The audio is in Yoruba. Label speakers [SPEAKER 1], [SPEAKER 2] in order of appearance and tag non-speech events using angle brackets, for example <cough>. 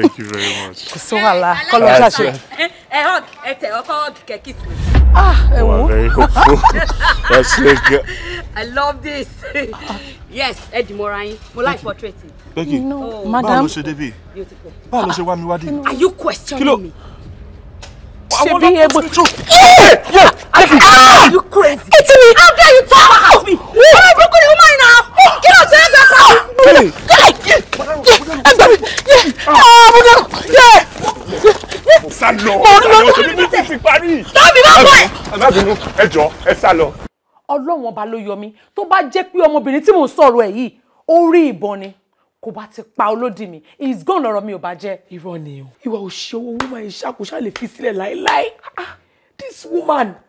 [SPEAKER 1] Thank you very much.
[SPEAKER 2] Kò sówà la, kọ́ ló ṣàṣe.
[SPEAKER 3] Ẹ hug, ẹ tẹ̀ ọkọ hug kẹ̀kí sí. Ah, ẹ wo. You are very hopeful. <laughs> That's so good. I love this. Yes, ẹ dì mọ́ra yín. like portrait.
[SPEAKER 4] Thank you. No, oh. madam. Báwo ló ṣe débí? Beautiful. Báwo ló ṣe ah, wá mi wá dé?
[SPEAKER 3] Are you questioning me? Ṣé
[SPEAKER 4] bí ebo? Eh, yeah, Jeffy. Ah! Are you crazy? It's me. How dare you talk about me? Ọmọ are you woman
[SPEAKER 5] yìí náà. Kí ló ṣe é bẹ́ẹ̀
[SPEAKER 1] sá lọ àwọn tèmi ní ti fi parí. tóbi bá bọ̀ ẹ́. alábìínú ẹ jọ ẹ sá lọ.
[SPEAKER 2] ọlọ́wọ́n ba ló yọ mí tó bá jẹ́ pé ọmọbìnrin tí mò ń sọ̀rọ̀ ẹ̀ yìí ó rí ìbọn ni kò bá ti pa olódì mi is gone lọ́rọ̀ mi ò bá jẹ́. irọ́ ni o ìwà òṣèwọ́ woman ìṣàkóso lè fi sílẹ̀ láéláé this woman